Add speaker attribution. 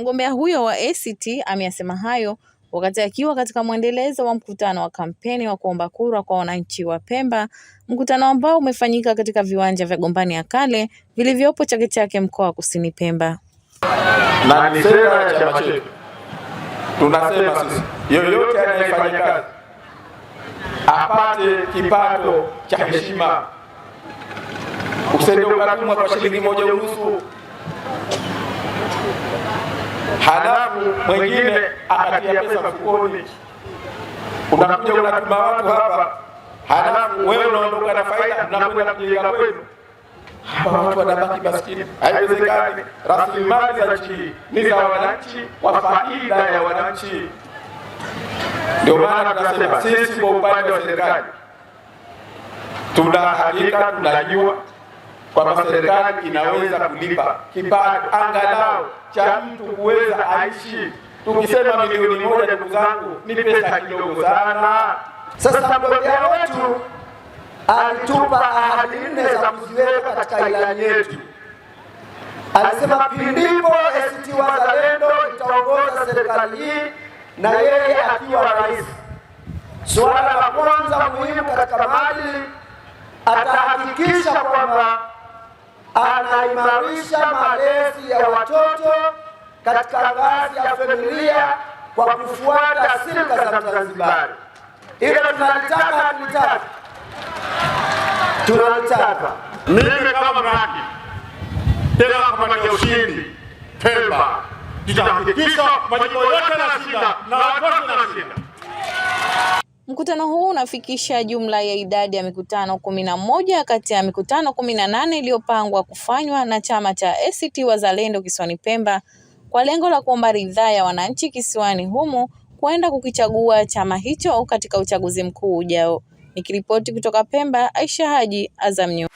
Speaker 1: Mgombea huyo wa ACT ameyasema hayo wakati akiwa katika mwendelezo wa mkutano wa kampeni wa kuomba kura kwa wananchi wa Pemba, mkutano ambao umefanyika katika viwanja vya Gombani ya Kale vilivyopo Chake Chake, mkoa wa Kusini Pemba. Na ni sera ya chama chetu, tunasema sisi yoyote anayefanya kazi apate kipato cha heshima, usendokatumwa kwa shilingi moja unusu halafu mwingine akatia pesa mfukoni. Unakuja unatuma watu hapa, halafu wewe unaondoka na faida, unakwenda kujenga kwenu. Hapa watu wanabaki maskini. Haiwezekani. Rasilimali za nchi ni za wananchi kwa faida ya wananchi. Ndio maana tunasema sisi kwa upande wa serikali tuna tunajua kwamba serikali inaweza kulipa kipato angalau cha mtu kuweza aishi. Tukisema milioni moja, ndugu zangu, ni pesa kidogo sana. Sasa mgombea wetu alitupa ahadi nne za kuziweka katika ilani yetu. Alisema pindipo ACT Wazalendo itaongoza serikali hii na yeye akiwa rais, suala la kwanza muhimu katika mali atahakikisha kwamba tunaimarisha malezi ya watoto katika ngazi ya familia kwa kufuata silka za Mzanzibari. Hilo tunalitaka, tulitaka, tunalitaka. Mimi kama mradi tena ushindi Pemba tutahakikisha majimbo yote sita na watoto sita. Mkutano huu unafikisha jumla ya idadi ya mikutano kumi na moja kati ya mikutano kumi na nane iliyopangwa kufanywa na chama cha ACT Wazalendo kisiwani Pemba kwa lengo la kuomba ridhaa ya wananchi kisiwani humo kuenda kukichagua chama hicho katika uchaguzi mkuu ujao. Nikiripoti kutoka Pemba, Aisha Haji, Azam News.